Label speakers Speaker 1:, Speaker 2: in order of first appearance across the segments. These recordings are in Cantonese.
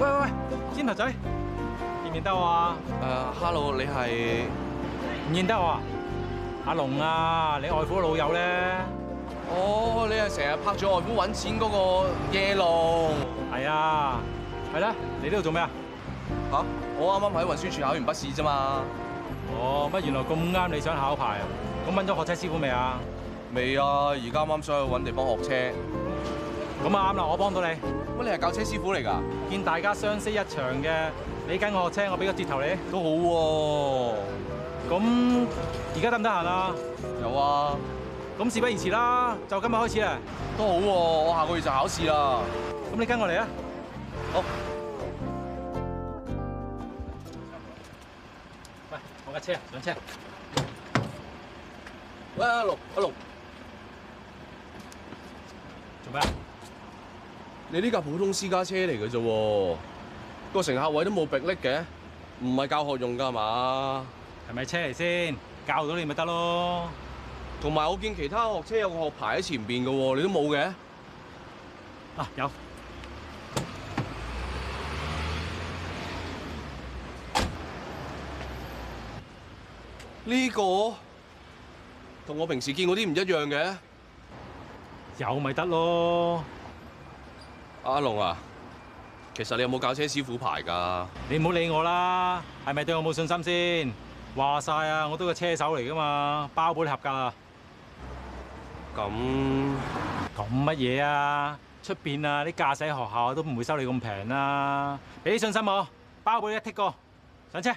Speaker 1: 喂喂喂，尖頭仔，認唔認得我啊？誒、uh，hello，你係唔認得我啊？阿龍啊，你外父老友咧？哦、oh, 啊啊，你係成日拍咗外父揾錢嗰個夜龍。係啊，係咧，你呢度做咩啊？嚇，我啱啱喺運輸署考完筆試啫嘛。哦，乜原來咁啱你想考牌啊？咁揾咗學車師傅未啊？未啊，而家啱啱想去揾地方學車。咁啊，啱啦，我幫到你。咁你係教車師傅嚟噶見大家相識一場嘅，你跟我學車，我俾個折頭你。啊，都好喎。咁而家得唔得閒啊？有啊。咁事不宜遲啦，就今日開始啊。都好，啊，我下個月就考試啦。咁你跟我嚟啊。好。喂，我架車，上車。喂，阿龍，阿龍。做咩？你呢架普通私家車嚟嘅啫，個乘客位都冇逼力嘅，唔係教學用噶嘛？係咪車嚟先？教到你咪得咯。同埋我見其他學車有個學牌喺前邊嘅，你都冇嘅？啊，有呢個同我平時見嗰啲唔一樣嘅，有咪得咯？阿龍啊，其實你有冇有搞車師傅牌㗎？你唔好理我啦，係是咪是對我冇信心先？話晒啊，我都是個車手嚟㗎嘛，包保你合格啦。咁咁乜嘢啊？出面啊啲駕駛學校都唔會收你咁平啊！俾啲信心我，包保你一剔過，上車。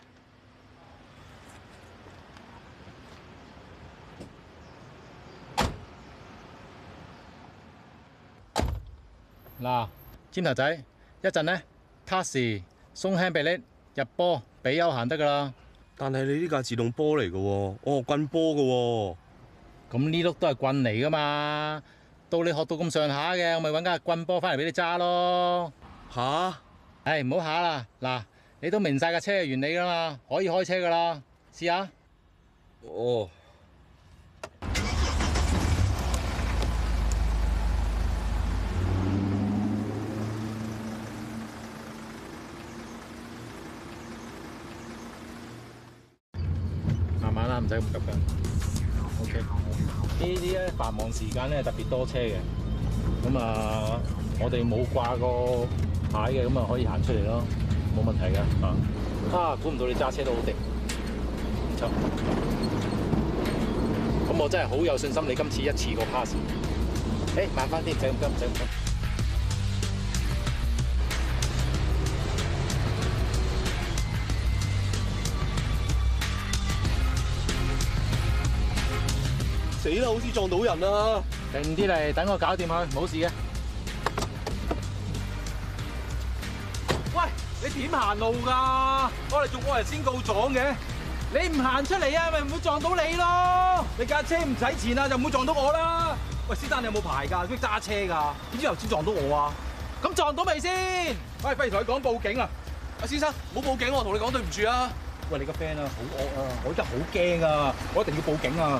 Speaker 1: 嗱，尖頭仔，一陣咧，踏實鬆輕俾你入波，俾悠閒得噶啦。但係你呢架自動波嚟噶，哦，棍波噶，咁呢碌都係棍嚟噶嘛。到你學到咁上下嘅，我咪搵架棍波翻嚟俾你揸咯。吓？誒，唔好吓啦。嗱，你都明晒架車嘅原理噶啦嘛，可以開車噶啦，試下。哦。唔使咁急噶，OK 呢。呢啲咧，繁忙時間咧特別多車嘅，咁啊我哋冇掛個牌嘅，咁啊可以行出嚟咯，冇問題嘅吓，啊，估唔到你揸車都好定，唔錯。咁我真係好有信心，你今次一次過 pass。誒、欸，慢翻啲，唔使咁急，唔使咁急。死啦！好似撞到人啦，定啲嚟等我搞掂佢，冇事嘅。喂，你點行路噶？我哋仲，我係先告狀嘅，你唔行出嚟啊，咪唔會撞到你咯。你架車唔使錢啊，就唔會撞到我啦。喂，先生你有冇牌噶？識揸車噶？點知頭先撞到我啊？咁撞到未先？喂，不如同你講報警啊！阿先生，唔好報警，我同你講對唔住啊！喂，你個 friend 啊，好惡啊，我真係好驚啊，我一定要報警啊！